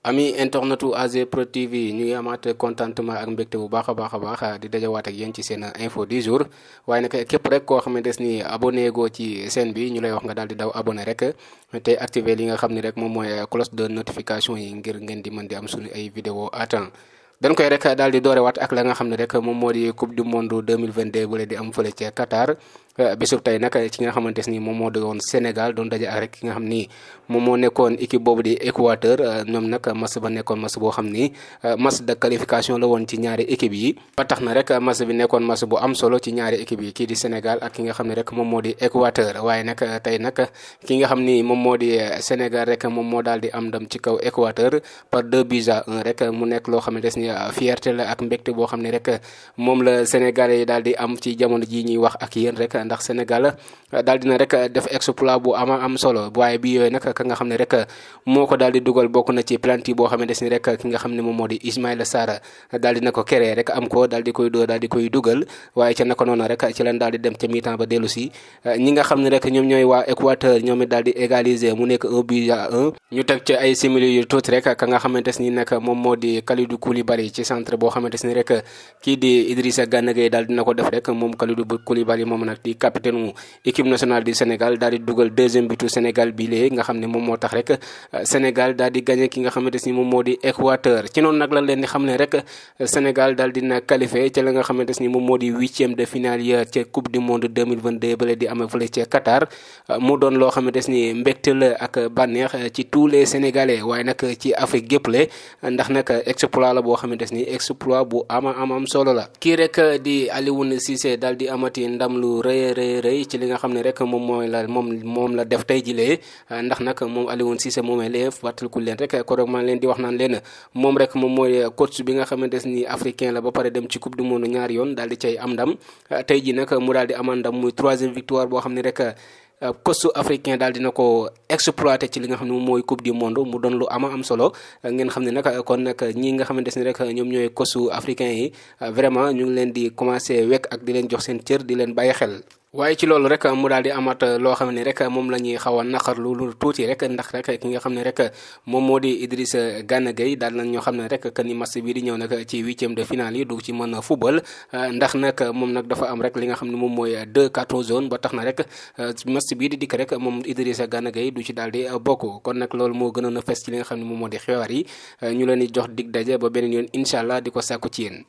ami internetu AG Pro TV ñu ngi amaat contentement ak mbégte bu baax a baax a baax di dajawaat ak yéen ci seen info du jour waaye nag képp rek koo xamante ni abonné goo ci seen bi ñu lay wax nga daal di daw abonné rek te activer li nga xam ni rek moom mooy cloche de notification yi ngir ngeen di mën di am suñu ay vidéo à temps dañ koy rek daal di doorewaat ak la nga xam ne rek moom moo di coupe du monde 2022 bu leen di am fële ca Qatar. Euh, bésub tey nag ci nga xamante ni moom moo doon Sénégal doon daje ak rek ki nga xam ni moom moo nekkoon équipe boobu di Équateur euh, ñoom nag mas ba nekkoon mas boo xam ni euh, mas de qualification la woon ci ñaari équipe yi ba tax na rek mas bi nekkoon mas bu am solo ci ñaari équipe yi kii di Sénégal ak ki nga xam ne rek moom moo di Équateur waaye nag tey nag ki nga xam ni moom moo di Sénégal rek moom moo daal di am ndam ci kaw Équateur par deux buts un rek mu nekk loo xam ne des ni ak mbégte boo xam ne rek moom la Sénégalais yi daal di am ci ndax Sénégal euh, daal dina rek euh, def exploit bu ama am solo waaye bi yooyu nag ka nga xam ne rek euh, moo ko daal di dugal bokk na ci planti boo xam ne des ni rek nga xam ne moom moo di Ismaïla Sarr daal dina ko créer rek am ko daal di koy dóor daal di koy dugal waaye ca naka noonu rek ci leen daal di dem ca mi-temps ba dellu si ñi nga xam ne rek ñoom ñooy waa Équateur ñoom it daal di égaliser mu nekk un but à un ñu teg ci ay simili yu tuuti rek ka nga xamante ni nag moom moo di Kalidou Koulibaly ci centre boo xamante ni rek kii di Idrissa Gana Gueye daal dina ko def rek moom Kalidou Koulibaly moom nag di capitaine équipe nationale du Sénégal daal di dugal deuxième bitu Sénégal bi léegi nga xam ne moom moo tax rek euh, Sénégal daal di gagné ki nga xamante ni moom euh, ni moom moo di huitième de finale ya ca coupe du monde 2022 di amee fële ca Qatar euh, mu doon loo xamante ni mbégte la ak bànneex ci tous les Sénégalais waaye nag ci Afrique gépp la ndax nag exploit la boo xamante ni exploit bu ama am am solo la kii rek di Alioune Cissé daal di amati ndam lu rëy rëy rëy ci li nga xam ne rek moom mooy la moom moom la def tey ji lee ndax nag moom Aliou Cissé moomee lee fàttaliku leen rek korog maa leen di wax naan leen moom rek moom mooy coach bi nga xamante ni africain la ba pare dem ci coupe du monde ñaari yoon daal di cay am ndam tey ji nag mu daal di amal ndam muy troisième victoire boo xam ne rek Euh, costu africain daal dina ko exploité ci li nga xam ne moom mooy coupe du monde mu doon lu ama am solo euh, ngeen xam ne nag euh, kon nag ñi nga xamante ne rek ñoom ñooy kosu africain yi vraiment ñu ngi leen di commencé wekk ak di leen jox seen cër di leen bàyyi xel waaye ci loolu rek mu daal di amat loo xam ne rek moom la ñuy xaw a naqarlu lu tuuti rek ndax rek ki nga xam ne rek moom moo di Idrissa Gana Gueye daal nañ ñoo xam ne rek ni match bi di ñëw nag ci huitième de finale yi du ci mën a football ndax nag moom nag dafa am rek li nga xam ne moom mooy deux cartons jaunes ba tax na rek euh, match bii di dikk rek moom Idrissa Gana Gueye du ci daal di bokk kon nag loolu moo gënoon a fes ci li nga xam ne moom moo di xibaar yi euh, ñu leen jox dig daje ba beneen yoon incha allah di ko sàkku ci yéen.